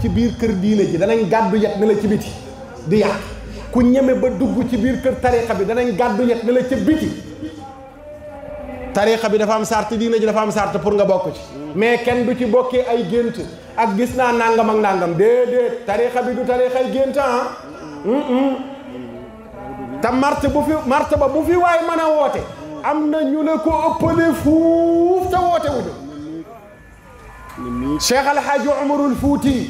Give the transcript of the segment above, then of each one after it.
ci biir kër diine ji danañ gàddu yet ne ci biti di yàq ku ñeme ba dugg ci biir kër tarixa bi danañ gàddu yet ne la ci biti tarixa bi dafa am sart diine ji dafa am sart pour nga bokk ci mais kenn du ci bokkee ay gént ak gis naa nangam ak nangam déedéet tarixa bi du tarixay gént ah te marte bu fi marte ba bu fi waay mën a woote am na ñu ne ko ëppale fuuf te woote wuñu Cheikh Alhaaji Umarul Fuuti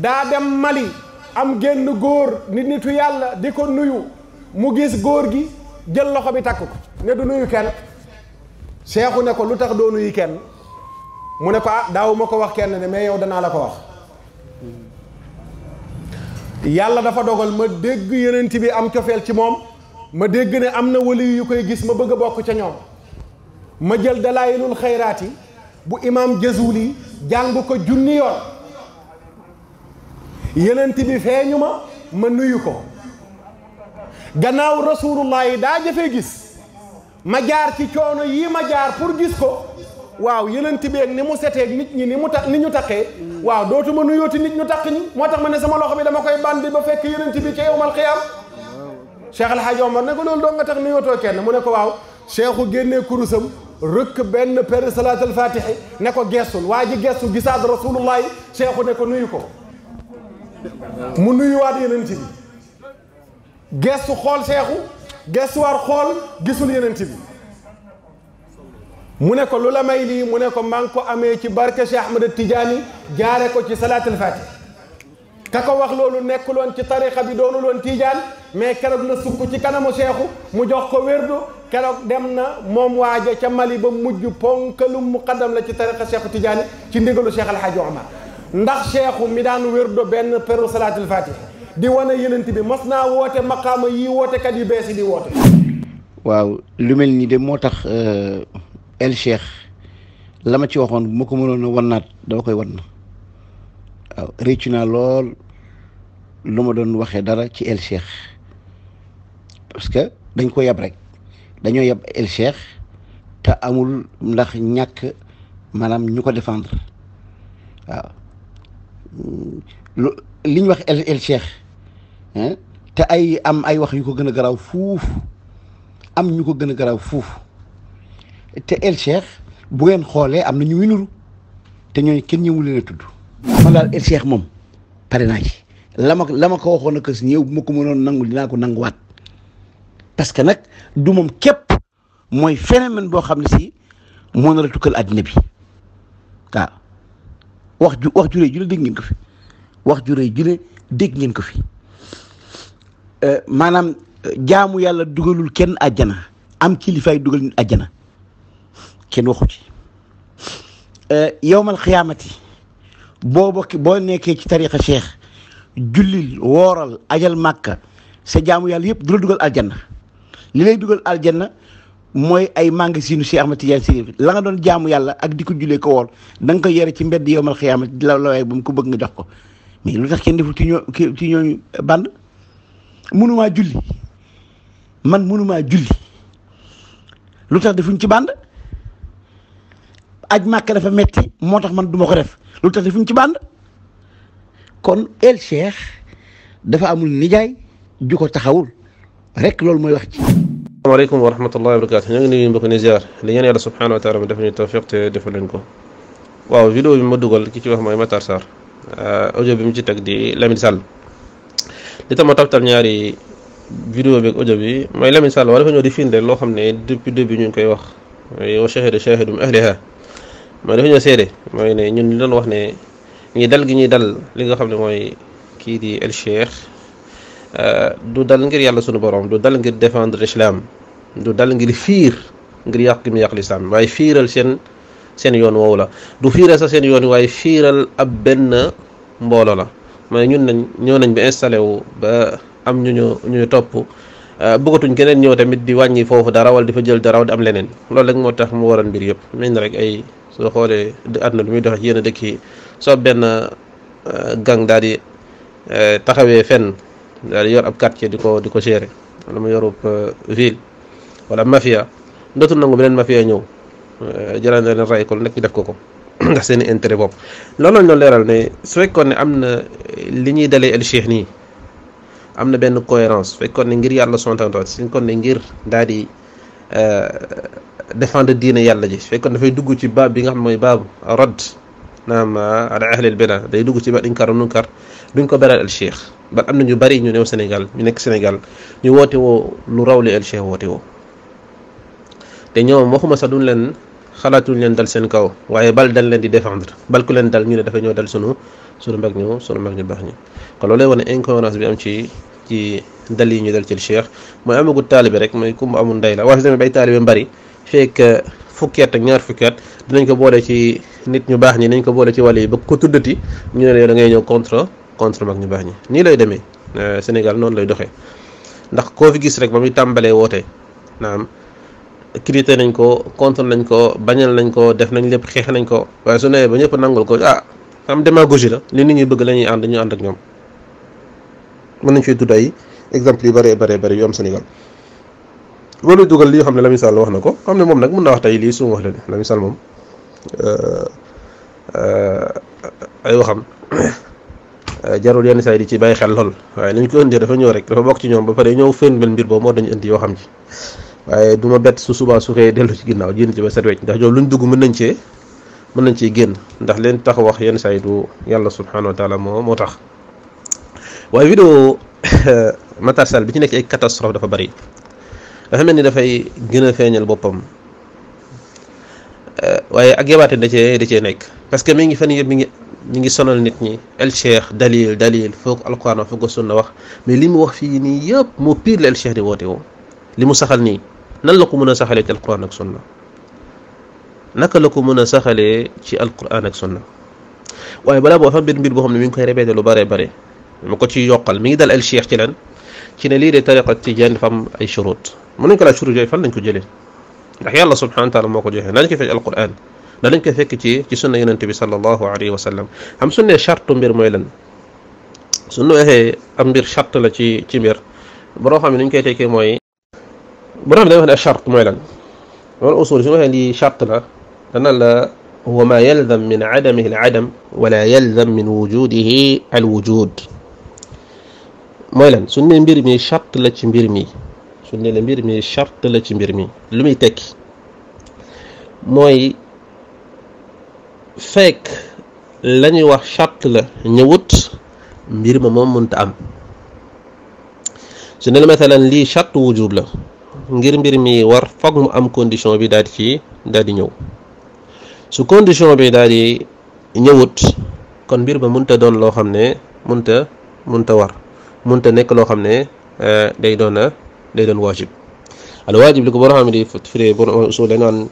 daa dem Mali am génn góor nit nitu yàlla di ko nuyu mu gis góor gi jël loxo bi takk ne du nuyu kenn seexu ne ko lu tax doo nuyu kenn mu ne ko ah daaw ma ko wax kenn ne mais yow danaa la ko wax yàlla dafa dogal ma dégg yonent bi am cofeel ci moom ma dégg ne am na wali yu koy gis ma bëgg bokk ca ñoom ma jël dalaayilul xayraat yi bu imam Jazuli jàng ko junni yoon yonent bi feeñu ma ma nuyu ko gannaaw rasulullah yi daa jëfe gis ma jaar ci coono yii ma jaar pour gis ko waaw yonent bi ak ni mu seteeg nit ñi ni mu ta ni ñu taqee waaw dootuma nuyooti nit ñu taq ñi moo ma ne sama loxo bi dama koy bandi ba fekk yonent bi ca yowmal xiyaam Cheikh El Hadj Omar ne ko loolu doo nga tax nuyootoo kenn mu ne ko waaw cheikhu génnee kurusam rëkk benn per salaat al fatihi ne ko gestul waa ji gestu gisaat cheikhu ne ko nuyu ko mu nuyuwaat yeneen ci bi xool seexu gestuwaar xool gisul yeneen mu ne ko lu la may lii mu ne ko maa ngi ko amee ci barke Cheikh Ahmed Tidiane jaare ko ci salaatul fa ka ko wax loolu nekkuloon ci tarixa bi loon tiijaan mais keroog la sukk ci kanamu seexu mu jox ko wérdu keroog dem na moom waaja ca Mali ba mujj ponkalum muqaddam la ci tarixa Cheikhu Tidiane ci ndigalu Cheikh Alhaji Omar ndax cheikhu mi daan wér wérdo benn peru salaatul fatih di wane yenent bi mas naa woote maqaama yi wootekat yu bees yi di woote waaw lu mel nii de moo tax euh, el cheikh lama ci waxoon bu ma ko mënoon a wannaat dama koy wan na waaw réccu naa lool lu ma doon waxee dara ci el cheikh parce que dañ ko yab rek dañoo yab el cheikh te amul ndax ñàkk maanaam ñu ko défendre waaw li ñu wax el el cheikh te ay am ay wax yu ko gën a garaw fuuf am ñu ko gën a garaw fuuf te el cheikh bu ngeen xoolee am na ñu winuru te ñooy kenn ñëwu leen a tudd cheikh moom pare naa ci la ma la ma ko waxoon a kës ñëw bu ma ko mënoon nangu dinaa ko nanguwaat parce que nag du moom képp mooy phénomène boo xam ne si moo nar a tukkal àddina bi waaw wax ju wax juree jule dégg ngeen ko fi wax juree jule dégg ngeen ko fi euh, maanaam euh, jaamu yàlla dugalul kenn àjjana am kilifaay dugal nit àjjana kenn waxu ci euh, yowmal xiyaamati boo bokk boo nekkee ci tarixa cheikh jullil wooral ajal màkka se jaamu yàlla yëpp du dugal aljanna li lay dugal aljanna mooy ay mangasinu Cheikh Ahmed Tidiane Chérif la nga doon jaamu yàlla ak di ko ko woon danga koy yore ci mbedd yowmal xiyaama la lawee bu mu ko bëgg nga jox ko mais lu tax kenn deful ci ñoo ci ñooñu band mënumaa julli man mënumaa julli lu tax defuñ ci band aj màkk dafa metti moo tax man duma ko def lu tax defuñ ci band kon el dafa amul nijaay ju ko taxawul rek loolu mooy wax ci السلام عليكم ورحمة الله وبركاته نغني بك نزار لي ني الله سبحانه وتعالى من دفني التوفيق تي ديفال نكو واو فيديو بي ما دوغال كي تي واخ ماي ماتار سار آه، اوديو بي مجي تك دي لامين سال لي تما تاب تال نياري فيديو بي اوديو بي ماي لامين سال ولا فنيو دي فين لو خامني ديبي ديبي ني نكاي واخ اي هو شاهد شاهد من اهلها ما دا فنيو سيري ماي ني نون لي دون واخ ني ني دال غي ني دال ليغا خامني ماي كي دي الشيخ Euh, du dal ngir yàlla sunu borom du dal ngir défendre islam du dal ngir fiir ngir yàq gi mu yàq lislaam waaye fiiral seen seen yoon woowu la du fiiral sax seen yoon waaye fiiral ab benn mbooloo la mooy ñun nañ ñëw nañ bi installé wu ba am ñu ñu ñu topp euh, bëggatuñ keneen ñëw tamit di wàññi foofu dara wala di fa jël dara wala di am leneen loolu rek moo tax mu waral mbir yëpp mel na rek ay soo xoolee àdduna lu muy dox ci yenn dëkk yi soo benn euh, gang daal di taxawee fenn daal di yor ab quartier di ko di ko gérer wala mu yorub ville wala mafia dootul nangu beneen mafia ñëw jëlaat na leen rey ko lu nekk ñu def ko ko ndax seen i intérêt bopp. loolu la ñu doon leeral ne su fekkoon ne am na li ñuy dalee El Cheikh nii am na benn cohérence su fekkoon ne ngir yàlla sonn tamit su fekkoon ne ngir daal di défendre diine yàlla ji su fekkoon dafay dugg ci baab bi nga xam mooy baabu radd naam ala ahlil bida day dugg ci ba inkaar munkar duñ ko beral El Cheikh. ba am na ñu bari ñu néew Sénégal ñu nekk Sénégal ñu woote woo lu raw li El Cheikh woote woo te ñoom waxuma sax duñ leen xalaatuñ leen dal seen kaw waaye bal dañ leen di défendre bal ku leen dal ñu ne dafa ñoo dal sunu sunu mag ñu sunu mag ñu baax ñi kon loolu lay wane incohérence bi am ci ci dal yi ñu dal ci El Cheikh mooy amagut taalibe rek mooy ku mu amul ndey la waaye fi tamit bay taalibe mbari fekk fukki ak ñaar fukki at dinañ ko boole ci nit ñu baax ñi dinañ ko boole ci wàll yi ba ko tuddati ñu ne la da ngay ñëw contre contre mag ñu baax ñi nii lay demee euh, Sénégal noonu lay doxe ndax koo fi gis rek ba muy tàmbalee woote naam critiqué nañ ko contre nañ ko bañal nañ ko def nañ lépp xeex nañ ko waaye su nee ba ñëpp nangul ko ah am démagogie la li nit ñuy bëgg lañuy ñuy ànd ñu ànd ak ñoom mën nañ fee tudd ay exemple yu bëree bëree bëri yu am Sénégal loolu dugal li xam ne Lamine Sall wax na ko xam ne moom nag mun naa wax tey lii su ma wax la Lamine Sall moom euh, euh, ay waxam Euh, jarul yenn saa yi di ci bàyyi xel lool waaye nañ ko indee dafa ñëw rek dafa bokk ci ñoom ba pare ñëw firndeel mbir boobu moo dañu indi yoo ci su subaa su xëyee dellu ci ginnaaw génn ci ba set wecc ndax cee génn ndax leen tax wax yenn saa yi du yàlla subhanahu wa taala moo moo tax waaye vidéo Matar Sall bi ci nekk ay catastrophe dafa bari dafa mel ni dafay gën a feeñal boppam euh, waaye ak yabaate da cee nekk parce que ngi fan yëpp mi ngi ñu ngi sonal nit ñi el cheikh dalil dalil foog alquran wax foog sunna wax mais li mu wax fii nii yëpp moo pire la el cheikh di woote woo li mu saxal nii nan la ko mën a saxalee ci alquran ak sunna naka la ko mën a saxalee ci alquran ak sunna waaye balaa boo xam mbir mbir boo xam ne mi ngi koy répété lu bare bare mu ko ci yokkal mi ngi dal el cheikh ci lan ci ne lii de tariqa tijaan dafa am ay shurut mën nañ ko laaj shurut yooyu fan lañ ko jëlee ndax yàlla subhanahu wa taala moo ko joxe nañ ko fekk alquran danañ koy fekk ci ci sunna yonente bi sallallahu alayhi wa sallam am su ne charte mbir mooy lan su am mbir charte la ci ci mbir boroo xam ne ni koy tekkee mooy boroo xam ne dañuy wax ne charte mooy lan wala usul su la dana la wa ma wala yalzam min wujudihi al wujud mooy lan mbir mi charte la ci mbir mi su ñu mbir mi charte ci mbir mi lu muy tekki mooy fekk la ñuy wax charte la ñëwut mbir ma moom mënta am su ne la mathalan lii charte wujub la ngir mbir mi war foog mu am condition bi daal di ci daal di ñëw su condition bi daal di ñëwut kon mbir ma mënta doon loo xam ne mënta mënta war mënta nekk loo xam ne eh, day doon eh, day doon waajib al waajib li ko boo xam di firee bon usul dañu naan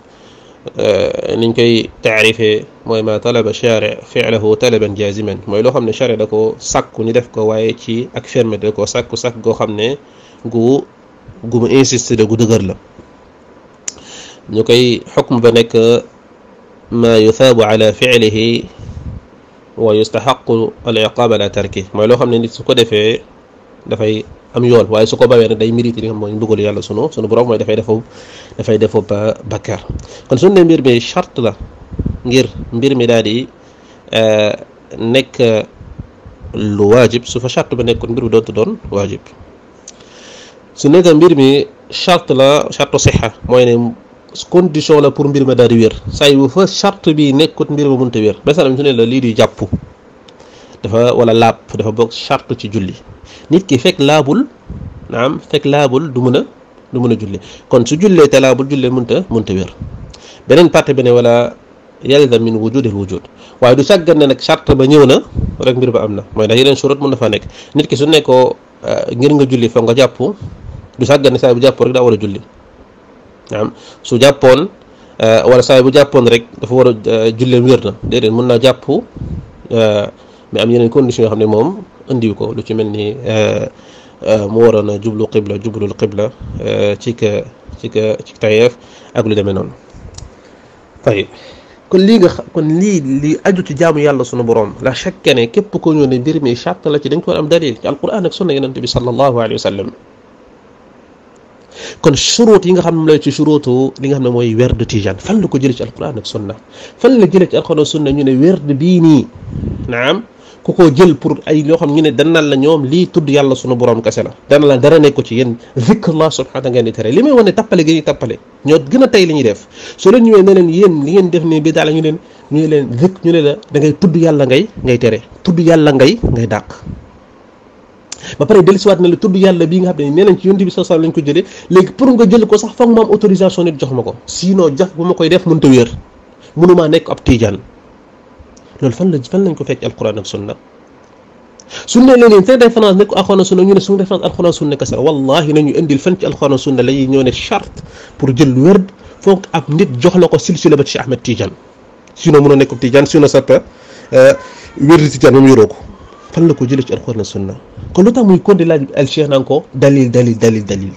لكي آه، تعرف ما طلب الشارع فعله طلبا جازما ما لو خمن الشارع دكو ساك ني داف كو واي تي اك فيرم دكو ساك ساك غو خمن غو غوم انسيست دغو دغر لا نكاي حكم بنك ما يثاب على فعله ويستحق العقاب على تركه ما لو خمن نيت سوكو ديفي دافاي am yool waaye su ko bawee nag day mérité li nga xam mooy mbugalu yàlla sunu sunu borom dafay defoo dafay defoo ba bakkaar kon suñu ne mbir mbir mi daal di eh, nekk lu su fa ba nekkoon mbir mi doon waajib su nekk mbir mi charte la charte sixa mooy ne condition la pour mbir ma daal di wér saa yu fa charte bi nekkut mbir ma mënta wér ba su ne lii di jàpp. dafa wala laab dafa bokk charte ci julli nit ki fekk laabul naam fekk laabul du mën a du mën a julli kon su jullee te laabul jullee mënta mënta wér beneen partie beneen ne wala yalzam min wujudil wujud waaye du sàggan ne nag charte ba ñëw na rek mbir ba am na mooy ndax yeneen surut mën na faa nekk nit ki su nekkoo euh, ngir nga julli fa nga jàpp du sàggane saa bu jàppoo rek war a julli naam euh, wala saa bu jàppoon rek dafa war a euh, julleem wér na déedéet mën naa jàpp mais am yeneen condition yoo xam ne moom indiw ko lu ci mel ni mu waroon a jublu qibla jublul qibla ci ka ci ka ci tayeef ak lu demee noonu tay kon lii nga kon lii li aju ci jaamu yàlla sunu borom la chaque ne képp ko ñëw ne mbir mi charte la ci dañ ko war am dalil ci alquran ak sunna yonent bi sallallahu alayhi wa sallam kon shuruut yi nga xam ne ci shuruutu li nga xam ne mooy werd tijaan fan la ko jëlee ci alquran ak sunna fan la jëlee ci alquran ak sunna ñu ne werd bii nii naam ku ko jël pour ay loo xam ñu ne danal la ñoom lii tudd yàlla sunu borom kese la dana la dara nekk ko ci yéen zikrullah subhanahu ngeen di tere li may wane tappale gi ñuy tappale ñoo gën tey li ñuy def soo leen ñëwee ne yéen li ngeen def ne bi daal ñu leen leen zik ñu ne la da ngay tudd yàlla ngay ngay tere tudd yàlla ngay ngay dàq ba pare dellusiwaat na la tudd yàlla bi nga xam ne nee nañ ci yonent bi sallallahu alayhi wasallam lañ ko jëlee léegi pour nga jël ko sax foog ma am autorisation nit jox ma ko sinon jox bu ma koy def mënta wéer mënumaa nekk ab tiijaan loolu fan la fan lañ ko fekk alquran ak sunna suñ ne leen seen référence nekk alquran sunna ñu ne suñu référence alquran sunna kese la wallahi nañu indil fan ci alquran sunna la ñoo ne charte pour jël wërd foog ab nit jox la ko silsila ba ci Ahmed Tidiane sinon mënoo nekk Tidiane sinon sarta wërd Tidiane moom yoroo ko fan la ko jëlee ci alquran sunna kon lu tax muy kon di laaj al cheikh naan ko dalil dalil dalil dalil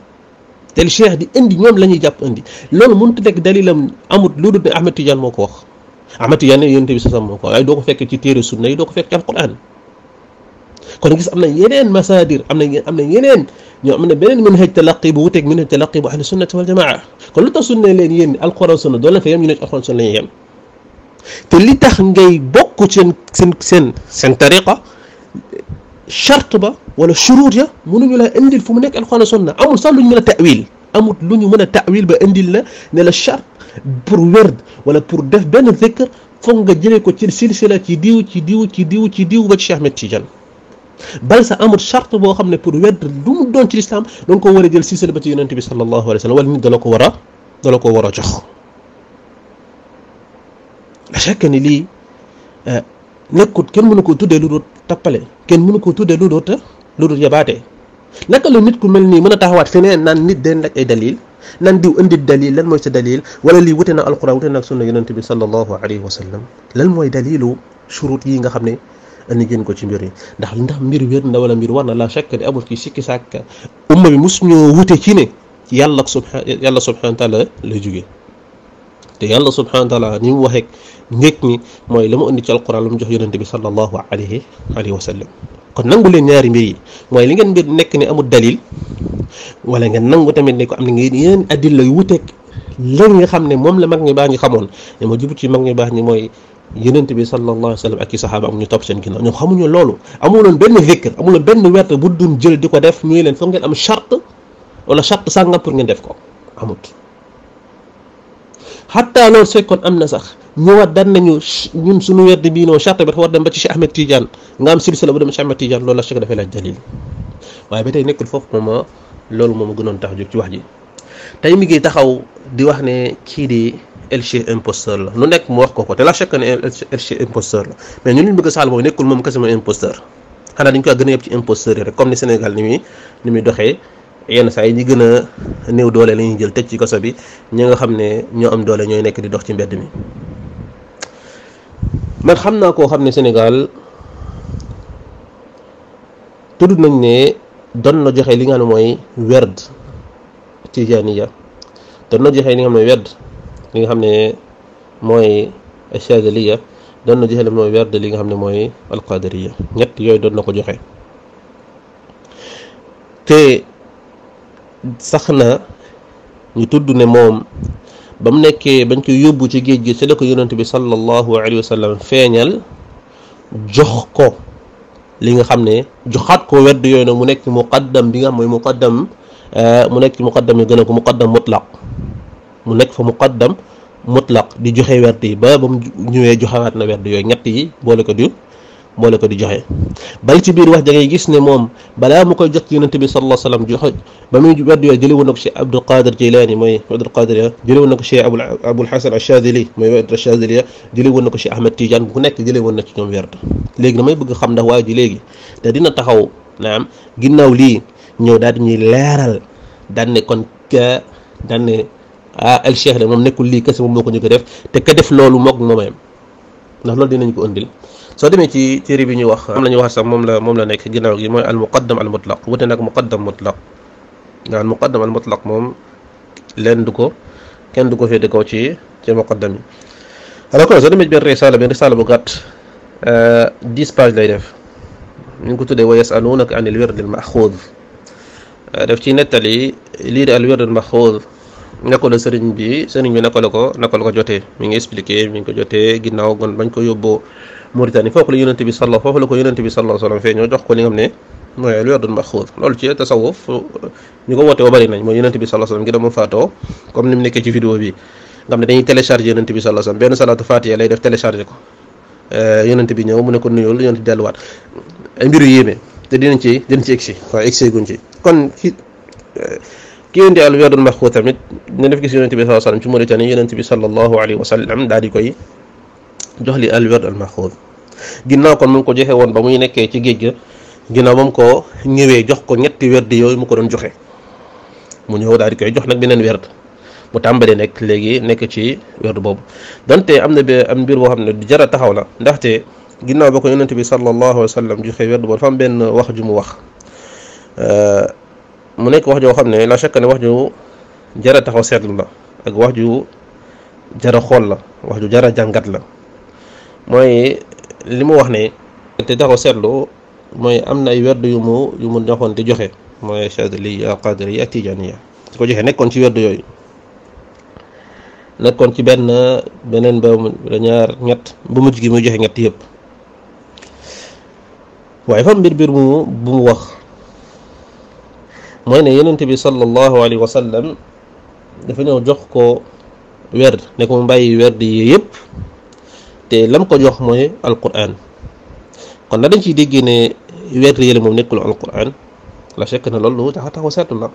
te cheikh di indi ñoom la ñuy jàpp indi loolu mënut a nekk dalilam amut lu dul ne Ahmed Tidiane moo ko wax amatu yenn yonent bi sasam moo ko waaye doo fekk ci téré sunna yi doko ko fekk ci alquran kon gis amna na yeneen masaadir amna na am na yeneen ñoo am na beneen manhaj talaqi bu wuteeg manhaj talaqi bu ahlu sunnati wal jamaa kon lu ta sunna leen yéen alquran sunna do la fa yam ñu ne alquran sunna yeen te li tax ngay bokk ci sen sen sen tariqa charte ba wala shuruut ya mënuñu la indil fu mu nekk alquran sunna amul sax lu ñu mën a tawil amul lu ñu mën a tawil ba indil la ne la charte pour werd wala pour def ben zikr fo nga jëlee ko ci silsila ci diw ci diw ci diw ci diw ba Cheikh Ahmed Tidiane bal sa amul charte bo xamné pour wedd lu mu doon ci l'islam don ko wara jël silsila ba ci yenen tibi sallallahu alayhi wasallam sallam wala nit dala ko wara dala ko war jox la chaque ni li nekut ken mënu ko tuddé lu dul tappale kenn mënu ko tuddee lu dul lu dul yabaate naka la nit ku melni nii taxawat a nan nit den laaj ay dalil nan diw indi dalil lan mooy sa dalil wala lii wute na alquran wute na ak sunna yonent bi sallallahu alayhi wa sallam lan mooy dalilu shurut yi nga xam ne indi ngeen ko ci mbir yi ndax ndax mbir wér na wala mbir war na la chakk di amul ki sikki sàkk umma bi mus ñoo wute ci ne yàlla subhan yàlla subhanahu taala la jóge te yàlla subhanahu taala ni mu waxeek njëkk ñi mooy la mu indi ci alquran lu mu jox yonent bi sallallahu alayhi alayhi wa sallam kon nangu leen ñaari mbir yi mooy li ngeen mbir nekk ne amul dalil wala nga nangu tamit ne ko am na ngeen yeneen addil lay wuteeg lan nga xamné mom la mag ñi xamoon xamone mo jubut ci mag ñi baax moy yenente bi sallallahu alayhi wasallam ak sahaba am ñu topp seen ginnaaw ñoom xamuñu loolu amuloon benn zikr amuloon ben wert bu dun jël diko def ñu leen foog ngeen am charte wala charte sanga pour ngeen def ko amut hatta loolu se kon amna sax ñu wa dan nañu ñun suñu werd bi no charte ba war dem ba ci Cheikh Ahmed Tidiane nga am silsila bu dem Cheikh Ahmed Tidiane lolu la Cheikh dafa la dalil waye ba nekul fofu moment loolu moom a gënoon tax jóg ci wax ji tey mi ngi taxaw di wax ne kii di Elche imposteur la lu nekk mu wax ko ko te la chaque ne Elche imposteur la mais ñu liñ bëgg saal mooy nekkul moom kese mooy imposteur xanaa dañ ko gën a yëpp ci imposteur yi rek comme ni Sénégal ni muy ni muy doxee yenn saa yi ñi gën a néew doole la ñuy jël te ci kaso bi ñi nga xam ne ñoo am doole ñooy nekk di dox ci mbedd mi man xam naa koo xam ne Sénégal tudd nañ ne doon na joxe li nga xam ne mooy werd tijaaniya doon na joxe li nga xam ne werd li nga xam ne mooy achadaliya doon na joxe li mooy werd li nga xam ne mooy alqadariya ñett yooyu doon na ko joxe te sax na ñu tudd ne moom ba mu nekkee bañ koy yóbbu ci géej gi ci la ko yonent bi sallallahu alayhi wa sallam feeñal jox ko li nga xam ne joxaat ko wedd yooyu nag mu nekk muqaddam bi nga xam mooy muqaddam eh, mu nekk muqaddam yi gën a ko muqaddam mutlaq mu nekk fa muqaddam mutlaq di joxe werd yi ba ba mu ñëwee joxewaat na werd yooyu ñett yi boole ko di moo la ko di joxe bari ci biir wax da ngay gis ne moom balaa mu koy jot yonente bi sallallahu alayhi wasallam joxoj ba muy weddi yooyu jëlewoon na ko Cheikh Abdul Qadir Jilani mooy Abdul Qadir ya jëlewoon na ko Cheikh Abul Abul Hasan Achadili mooy wedd Achadili ya jëlewoon na ko Cheikh Ahmed Tidiane ku nekk jëlewoon na ci ñoom werd léegi damay bëgg xam ndax waa ji léegi te dina taxaw naam ginnaaw lii ñëw daal di ñuy leeral daan ne kon ka daan ne ah El Cheikh de moom nekkul lii kese moom moo ko njëkk a def te ka def loolu moog moomam ndax loolu dinañ ko ëndil soo demee ci téere bi ñuy wax am la ñuy wax sax moom la moom la nekk ginnaaw gi mooy al muqaddam al mutlaq wute nag muqaddam mutlaq nga al muqaddam al mutlaq moom leen du ko kenn du ko féete kaw ci ci muqaddam yi alors que soo demee ci benn risaala benn risaala bu gàtt euh, lay def ñu ko tuddee wa yasalunaka an il wird al maxuud euh, def ci nettali lii di al wird al maxuud naka sëriñ bi sëriñ bi naka ko naka ko jotee mi ngi expliqué mi ngi ko jotee ginnaaw gon bañ ko yóbboo Mauritanie foofu la yonente bi salla foofu la ko yonente bi salla sallam fee ko li woote wa bari nañ mooy bi salla sallam gi dama faatoo comme ni mu nekkee ci vidéo bi nga xam ne dañuy télécharger yonente bi salla sallam benn salaatu fatiha lay def télécharger ko euh, yonente bi ñëw mu ne ko nuyul yonente delluwaat ay mbiru yéeme te dinañ ci dinañ ci egsi waaw egsi ci kon ki ki yonente al werdul maxuud tamit ne def gis yonente bi salla sallam ci Mauritanie yonente bi sallallahu alayhi wa sallam daal di koy jox li al wird al maxuud ginnaaw kon mu ko joxe woon ba muy nekkee ci géej ga ginnaaw ba mu ko ñëwee jox ko ñetti werd yooyu mu ko doon joxe mu ñëw daal di koy jox nag beneen werd mu tàmbalee nekk léegi nekk ci werd boobu donte am na be am mbir boo xam ne du jara taxaw la ndaxte ginnaaw ba ko yonent bi sallallahu alayhi wa sallam joxe werd boobu dafa am benn wax ju mu wax mu nekk wax joo xam ne la chaque ne wax ju jara taxaw seetlu la ak wax ju jara xool la wax ju jara jàngat la mooy li mu wax ne te da ko mooy am na ay werd yu mu yu mu doxoon di joxe mooy chadliya qadriya tijaniya su ko joxee nekkoon ci werd yooyu nekkoon ci benn beneen ba ñaar ñett bu mujj gi muy joxe ñett yëpp waaye fa mbir mbir mu bu mu wax mooy ne yenente bi sallallahu alayhi wa sallam dafa ñëw jox ko werd ne ko mu bàyyi werd yi yëpp te lam ko jox moy alquran kon la dañ ci déggé ne weeru yële mom nekul alquran la fekk na loolu tax a setu la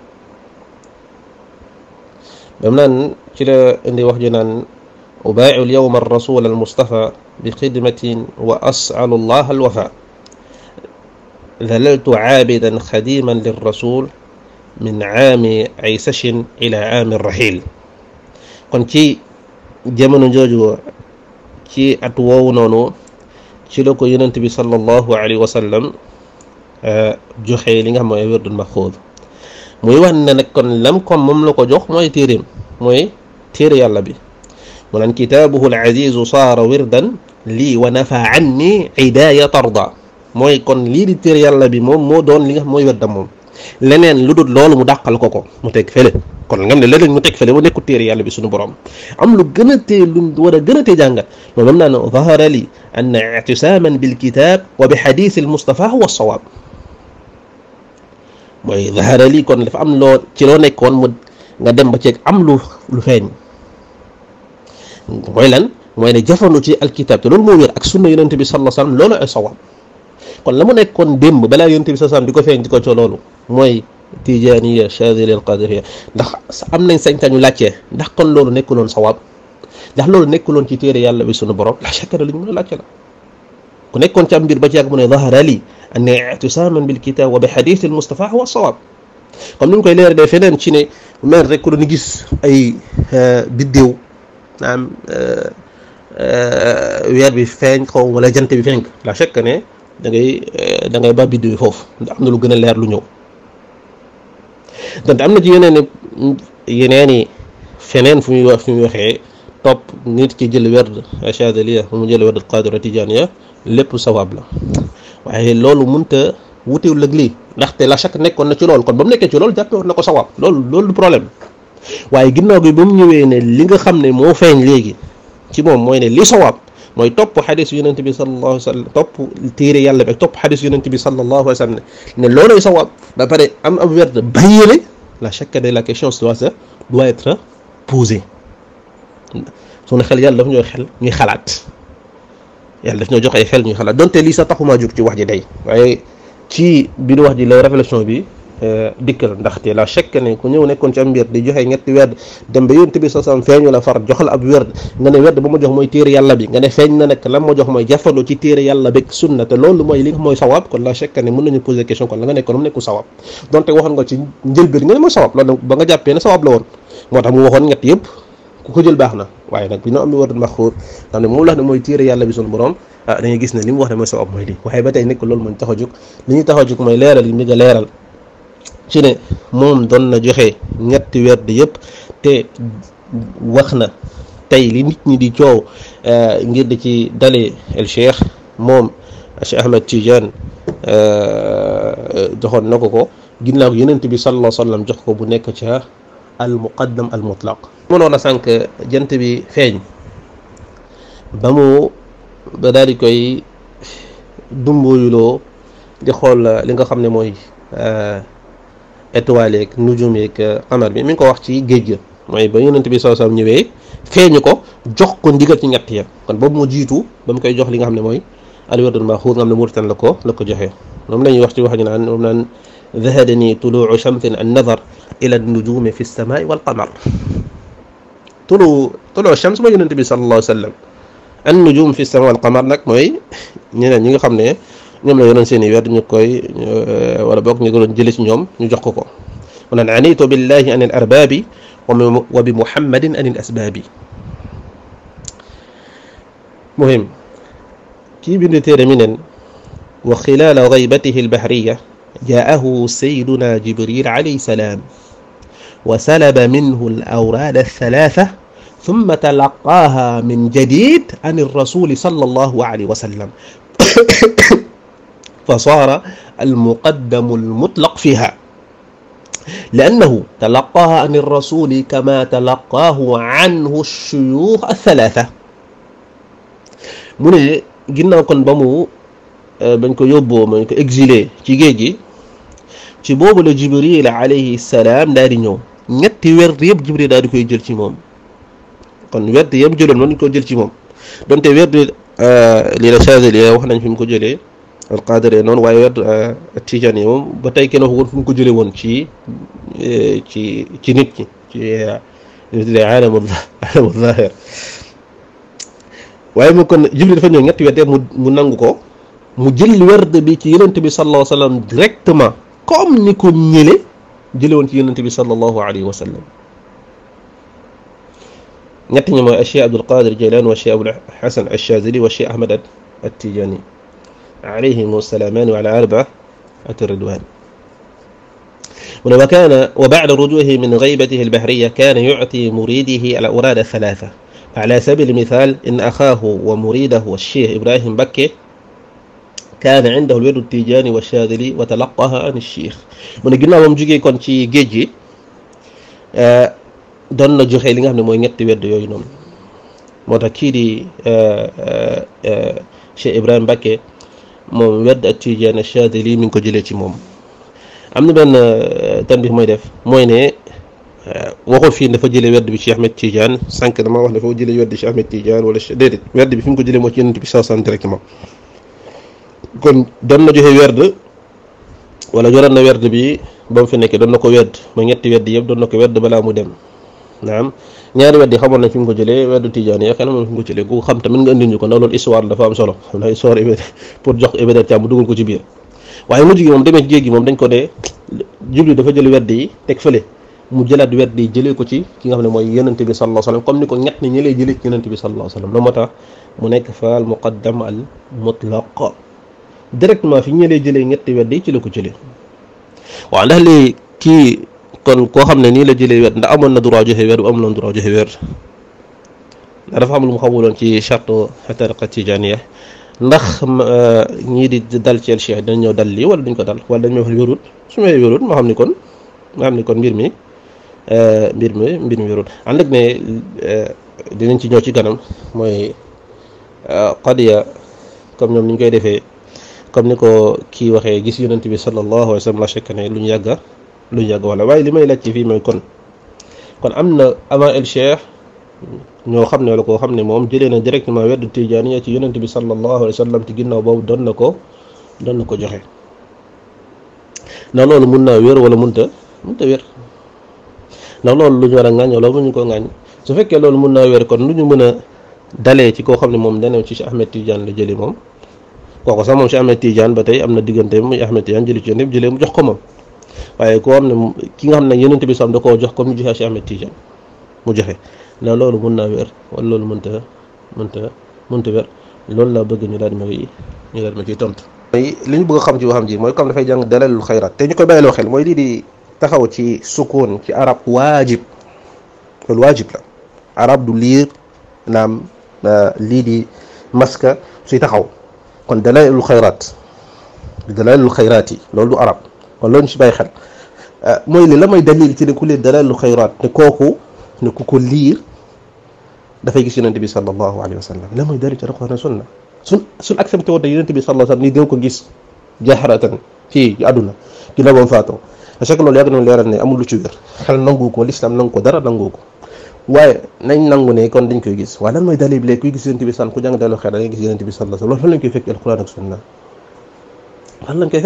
bam nan ci la indi wax ju nan ubai'u al-yawm ar-rasul al-mustafa bi khidmatin wa as'alu وأسأل al-wafa ذللت عابدا خديما للرسول من عام عيسش إلى عام الرحيل كنتي جمن جوجو ci at woowu noonu ci la ko yonent bi sallallahu alayhi wa sallam joxe li nga xam mooy wérdul maxuud muy wax ne nag kon lam kon moom la ko jox mooy téeréem mooy téere yàlla bi mu naan kitaabuhu al-aziizu saara wirdan lii wa nafa anni idaaya tarda mooy kon lii di téere yàlla bi moom moo doon li nga xam mooy wérdam moom leneen lu dul loolu mu dàqal ko ko mu teg fële kon nga xam ne leneen mu teg fële ba nekkul téere yàlla bi borom am lu gën gën a tee jàngat loolu naa ne zahara li anna i'tisaaman bil kitaab wa kon dafa am loo ci loo nekkoon mu nga dem ba ceeg am lu lu feeñ mooy lan mooy ne jafandu ci alkitab te loolu moo wér ak sunna yonent bi sallallahu alayhi wa sallam loolu ay sawaab kon la mu nekkoon démb balaa yonent bi sallallahu alayhi wa sallam di ko feeñ di ko mooy tijaaniya chadili al qadiriya ndax am nañ sañ-sañu laajte ndax kon loolu nekkuloon sawaab ndax loolu nekkuloon ci téere yàlla bi sunu borom la lu ñu mën a laajte la ku nekkoon ci am mbir ba ci yàgg mu ne dahara li anna i'tisaaman bil kitaab wa bi xadiis al Mustafa huwa sawaab comme ni ñu koy leeralee feneen ci ne mer rek ku gis ay euh, biddéew euh, euh, weer bi feeñ xaw wala jant bi fenk la chakka ne da ngay da ngay ba biddéew foofu ndax am na lu gën a leer lu ñëw donte am na ci yeneen i feneen fu muy wax fu ñuy waxee topp nit ki jël werd achadaliya mu jël werd qadira tijaniya lépp sawaab la waaye loolu mun mënta wutiwul ak lii ndaxte la chaque nekkoon na ci loolu kon ba mu nekkee ci loolu jàppe woon na ko sawaab loolu loolu du problème waaye ginnaaw gi ba mu ñëwee ne li nga xam ne moo feeñ léegi ci moom mooy ne li sawaab moy top hadith yonente bi sallallahu alayhi wasallam top tire yàlla bi top hadith xadisu yonente bi sallallahu alayhi wasallam sallam ne looloy sawab ba pare am am werde bayele la chaque de la question doit se doit être posée sonu xel yàlla daf ñoy xel ñuy xalat yàlla daf ñoy joxe xel ñuy xalat donte li sa taxuma juk ci wax ji day waye ci biir wax ji la réflexion bi Euh, dikkal ndaxte la chaque année ku ñëw nekkoon ci am wér di joxe ñetti werd dem ba yonent bi sasam feeñu la far jox la ab werd nga ne werd ba ma jox mooy téere yàlla bi nga ne feeñ na nag lan ma jox mooy jafandu ci téere yàlla bi sunna te loolu mooy li nga mooy sawab kon la chaque année mën nañu poser question kon la nga nekkoon mu nekku sawab donte waxoon nga ci njëlbeen nga ne mooy sawab loolu ba nga jàppee ne sawab la woon moo tax mu waxoon ñett yëpp ku ko jël baax na waaye nag bi ñu am bi war dul maxuur xam ne moom la wax ne mooy téere yàlla bi sunu borom ah dañuy gis ne li mu wax ne mooy sawab mooy lii waaye ba tey nekk loolu mooy tax a jóg li ñu tax a jóg mooy leeral yi mi nga leeral ci ne moom doon na joxe ñetti werd yépp te wax na tey li nit ñi di coow eh, ngir di ci dalee el cheikh moom cheikh ahmed tidiane eh, joxoon na ko ko ginnaaw yenent bi sallallahu alayhi jox ko bu nekk ca al muqaddam al mutlaq mënoon a sànq jant bi feeñ ba mu ba daal di koy dumbuyuloo di xool li nga xam ne mooy eh, étoile yeeg nujum yeeg xamar bi mi ngi ko wax ci géej ga mooy ba yonent bi sallallahu alayhi wasallam ñëwee feeñu ko jox ko ndigal ci ñett ya kon boobu mu jiitu ba mu koy jox li nga xam ne mooy alwirdul maxuud nga xam ne Mauritanie la ko la ko joxee moom la ñuy wax ci wax ñu naan moom naan ذهلني طلوع شمس النظر إلى النجوم في السماء والقمر طلوع طلوع الشمس mooy yonent bi sallallahu alayhi wasallam an nujum fi السماء والقمر nag mooy ñeneen ñi nga xam ne ñoom la yoroon seen i werd ñu koy wala boog ñu ko doon jëlee ci ñoom ñu jox ko ko mu naan anitu billahi an al arbaabi wa bi muhammadin an al asbaabi muhim kii bind téere mi nen wa xilaala gaybatihi albahriya jaahu sayduna jibril alayhi salaam وسلب منه الأوراد الثلاثة ثم تلقاها من جديد عن الرسول صلى الله عليه وسلم فصار المقدم المطلق فيها لأنه تلقاها عن الرسول كما تلقاه عنه الشيوخ الثلاثة من جينا كن بمو بنكو يوبو بنكو اكزيلي تيجيجي تي بوبو لجبريل عليه السلام داري نيو نيتي وير ريب جبريل داري كوي جيل تي موم كون وير ريب جيلون مون كو جيل تي موم دونتي وير دي لي لا شاز لي واخنا نكو جيلي القادر انون واي آه، تيجاني موم باتاي كينو هو فم كو جولي وون تي تي آه، نيت تي تي العالم آه، العالم الظاهر واي ممكن جبريل فنيو نيت ويتي مو نانغوكو مو جيل الورد بي تي يونت بي صلى الله عليه وسلم ديريكتومون كوم نيكو نيلي جيل وون تي يونت بي صلى الله عليه وسلم نيت ني مو اشي عبد القادر جيلان واشي ابو الحسن الشاذلي واشي احمد التيجاني عليهم السلامان وعلى أربعة الردوان وكان وبعد رجوعه من غيبته البحرية كان يعطي مريده الأوراد الثلاثة على سبيل المثال إن أخاه ومريده الشيخ إبراهيم بكي كان عنده الورد التيجاني والشاذلي وتلقاها عن الشيخ من قلنا لهم جوجي كون شي جيجي آه، دون جوخي ليغا خامني موي نيت ورد يوي نون موتا آه، آه، شيخ إبراهيم بكي moom wedd ak Tijaan Shaadili mi ngi ko jëlee ci moom am na benn euh, tanbih mooy def mooy ne euh, waxul fii dafa jëlee wedd bi ci Ahmed Tijaan sànq dama wax dafa jëlee wedd ci Ahmed Tijaan wala déedéet wedd bi fi mu ko jëlee moo ci yonent bi saa san directement kon doon na joxe werd wala yoroon na werd bi ba mu fi nekkee doon na ko wedd ba ñetti wedd yëpp doon na ko wedd balaa mu dem naam ñaari weddi xamoon nañ fi mu ko jëlee weddu Tidiane ya kenn mën fi mu ko jëlee ku xam tamit nga indil ñu ko ndax loolu histoire dafa am solo xam na histoire pour jox Iba Der Thiam dugal ko ci biir waaye mujj gi moom demee géej gi moom dañ ko dee jubli dafa jël weddi yi teg fële mu jëlaat weddi yi jëlee ko ci ki nga xam ne mooy yonente bi sallallahu alayhi wasallam comme ni ko ñett ni ñëlee jëlee ci yonente bi sallallahu alayhi wasallam loolu moo tax mu nekk ci la ko jëlee waaw kon koo xam ne nii la jëlee wet ndax amoon na droit joxe weer bu amuloon droit joxe weer ndax dafa am lu mu xamuloon ci charte tariqa tijaniya ndax euh, ñii di dal ci el cheikh dañ ñëw dal lii wala duñ ko dal wala dañ may wax wérut su may wérut ma xam ni kon ma xam ni mbir mi euh, mbir mi mbir mi wérut ànd ak ne euh, dinañ ci ñëw ci kanam mooy qadiya comme ñoom ni koy defee comme ni ko kii waxee gis yonent bi sallallahu alayhi wa la chekk ne lu ñu yàgga lu yàgg wala la waaye li may laaj fii mooy kon kon am na avant el cheikh ñoo xam ne la koo xam ne moom jëlee na directement weddu tijaaniya ci yonent bi sallallahu alayhi wa sallam ci ginnaaw boobu doon na ko doon na ko joxe ndax loolu mun naa wér wala munta munta wér ndax loolu lu ñu war a ŋàññ wala mu ko ŋàññ su fekkee loolu mun naa wér kon lu ñu mën a dalee ci koo xam ne moom danew ci Cheikh Ahmed Tidiane la jëlee moom kooku sax moom Cheikh Ahmed Tidiane ba tey am na digganteem muy Ahmed Tidiane jëli ci yonent bi jëlee mu jox ko moom waaye koo xam na ki nga xam ne yonent bi sam koo jox comme ñu joxe Cheikh mu joxe na loolu mun naa weer wala loolu mënta mënta mënta wér loolu laa bëgg ñu daal di ma ñu daal di tontu. mooy li ñu bëgg xam ci waxam ji mooy comme dafay jàng dalalul xayraat te ñu koy bàyyiloo xel mooy lii di taxaw ci sukkoon ci arab waajib loolu waajib la arab du liir naam lii di maska suy taxaw kon dalalul xayraat dalalul xayraat yi loolu du arab kon loolu ñu si bàyyi xel euh, mooy li la mooy dalil ci ne ku leen dalal lu xayraat ne kooku ne ku ko liir dafay gis yonente bi sallallahu alayhi wa sallam la mooy dalil ci alquran ak sunna sun sun accepté woon ne yonente bi sallallahu alayhi wa sallam ni dina ko gis jaaxaratan fii àdduna ginnaaw ba mu faatoo parce que loolu yàgg na leeral ne amul lu ci wér xel nangu ko l'islam nangu ko dara nangu ko waaye nañ nangu ne kon dañ koy gis waaye lan mooy gis yonente bi sànn ku jàng dalil xeer da ngay gis yonente bi sallallahu alayhi wa sallam loolu fan lañ koy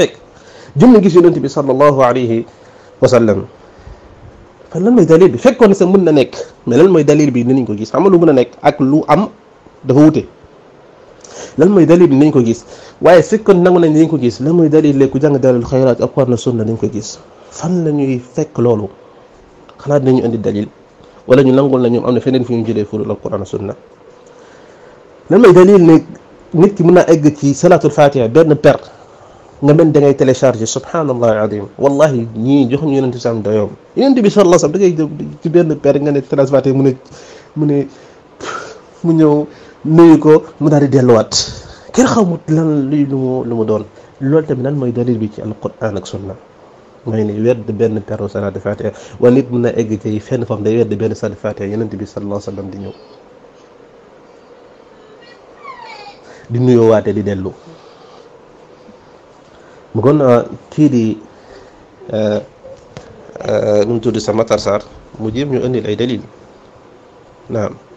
جمن جيس يونت بي صلى الله عليه وسلم فلان ماي دليل فيكون سي مون نيك ملان ماي دليل بي جيس عملو مون نيك اك ام دهوتي لان ماي دليل نينكو جيس واي فيكون نانو نينكو جيس لان ماي دليل جان دال الخيرات اقرنا سنة نينكو جيس فان لا نيو فيك لولو خلا دا ولا نيو نانغول لا نيو امنا فنين فيو جيلي فول القران والسنه لان ماي دليل نيك نيت كي مونا الفاتحه بن بير nga mel da ngay télécharger subhanallah azim wallahi ñii joxuñu yonente bi sam dayoom yonente bi sallallahu alayhi wasallam da ngay ci benn per nga ne transvaté mu ne mu ne mu ñëw nuyu ko mu daal di delluwaat kenn xamut lan luy lu mu lu mu doon loolu tamit lan mooy dalil bi ci alquran ak sunna mooy ni wedd benn peru salaat fatiha wala nit mun na egg ci fenn fam day wedd benn salaat fatiha yonente bi sallallahu alayhi wasallam di ñëw di nuyoo waate di dellu mugonna kii di nu mu tudd sa Matar Sarr mu jéem ñu indil ay dalil naam